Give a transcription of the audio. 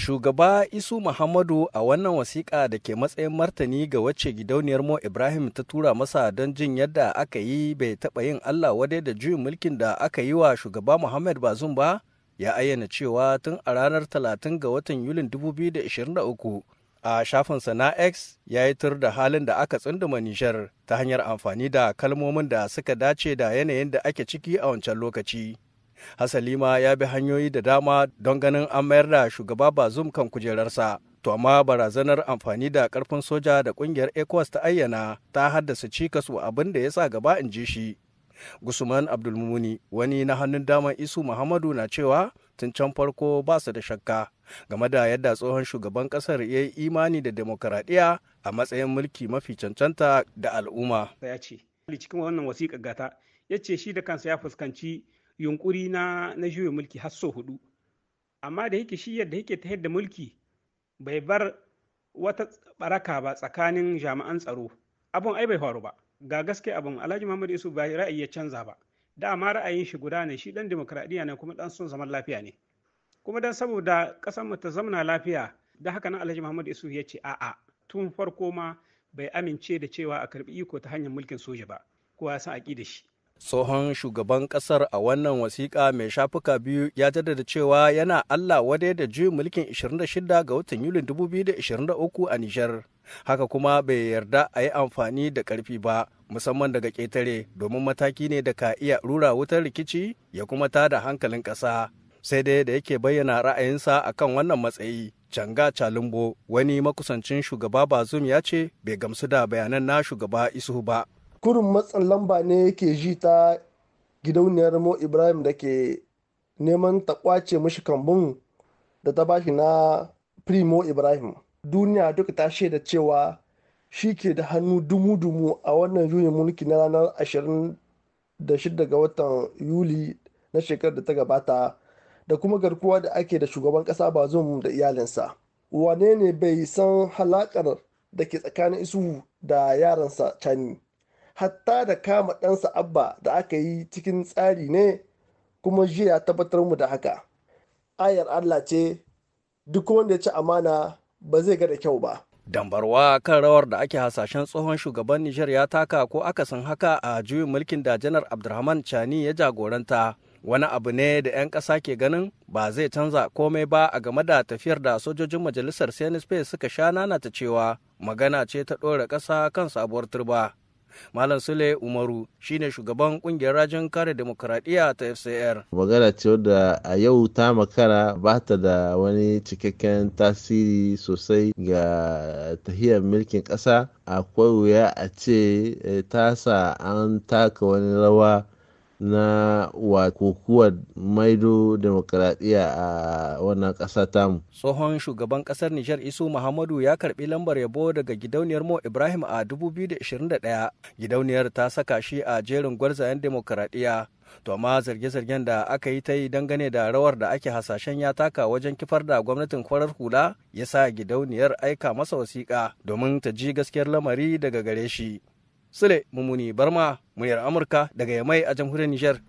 Shugaba Isu Muhammadu a wannan wasiƙa da ke matsayin martani ga wacce gidauniyar Mo Ibrahim ta tura masa don jin yadda aka yi bai taɓa yin Allah wadai da juyin mulkin da aka yi wa shugaba Muhammad Bazum ba, ya ayyana cewa tun a ranar 30 ga watan Yulin 2023 a shafinsa na X ya yi tur da halin da aka tsunduma Nijar ta hanyar amfani da kalmomin da suka dace da yanayin da ake ciki a wancan lokaci. hasalima ya bi hanyoyi da dama don ganin an mayar da shugaba bazum kan kujerarsa to amma barazanar amfani da karfin soja da kungiyar ecowas ta ayyana ta haddasa cikas wa abin da ya sa gaba in ji shi Gusman Abdulmumuni wani na hannun daman Isu Muhammadu na cewa tun can farko ba su da shakka game da yadda tsohon shugaban kasar ya yi imani da demokaradiyya a matsayin mulki mafi cancanta da al'umma. Ya ce, cikin wannan wasiƙa gata, ya ce shi da kansa ya fuskanci yunkuri na na juyin mulki har so hudu amma da yake shi yadda yake ta da mulki bai bar wata baraka ba tsakanin jami'an tsaro abun ai bai faru ba ga gaske abun alhaji muhammad yusuf bai ra'ayi ya canza ba Da dama ra'ayin shi guda ne shi dan demokradiya ne kuma dan son zaman lafiya ne kuma dan saboda kasan mu ta zamana lafiya da haka nan alhaji muhammad yusuf ya ce a'a tun farko ma bai amince da cewa a karbi iko ta hanyar mulkin soja ba kowa ya san aƙi da shi tsohon shugaban kasar a wannan wasiƙa mai shafuka biyu ya jaddada cewa yana allah wade da juyin mulkin 26 ga watan yulin 2023 a nijar haka kuma bai yarda a yi amfani da ƙarfi ba musamman daga ƙetare domin mataki ne da ka iya rura wutar rikici ya kuma tada hankalin ƙasa sai dai da yake bayyana ra'ayinsa a kan wannan matsayi Canga Calumbo wani makusancin shugaba Bazum ya ce bai gamsu da bayanan na shugaba isu ba. kurin matsin lamba ne yake ji ta gidauniyar mo ibrahim da ke neman ta kwace mashi kambun da ta bashi na primo ibrahim duniya duka ta shaida cewa shi ke da hannu dumu-dumu a wannan juyin mulki na ranar 26 ga watan yuli na shekarar da ta gabata da kuma garkuwa da ake da shugaban kasa bazum da iyalinsa wane ne bai san halakar da ke tsakanin isu da yaransa cani hatta da kama ɗansa abba da aka yi cikin tsari ne kuma jiya ya tabbatar mu da haka ayar allah ce duk wanda ya ci amana ba zai ga da kyau ba dambarwa kan rawar da ake hasashen tsohon shugaban nijar ya taka ko akasin haka a juyin mulkin da janar abdulrahman chani ya jagoranta wani abu ne da 'yan ƙasa ke ganin ba zai canza komai ba a game da tafiyar da sojojin majalisar senate suka sha ta cewa magana ce ta ɗora ƙasa kan sabuwar turba Malam Sule Umaru shine shugaban kungiyar rajin kare demokuraɗiyya ta FCR. Magana ce wadda a yau ta makara ba ta da wani cikakken tasiri sosai ga tahiyar mulkin ƙasa akwai wuya a ce eh, ta sa an taka wani rawa na kokuwar maido demokradiyya a wannan ƙasa tamu. Tsohon shugaban ƙasar Nijar Isu Muhammadu ya karbi lambar yabo daga gidauniyar Mo Ibrahim a 2021. Gidauniyar ta saka shi a jerin gwarzayen demokradiyya. To amma zarge-zargen da aka yi ta yi dangane da rawar da ake hasashen ya taka wajen kifar da gwamnatin kwarar hula ya sa gidauniyar aika masa wasiƙa domin ta ji gaskiyar lamari daga gare shi. Sule Mumuni Barma, muryar Amurka daga Yamai a jamhuriyar Nijar.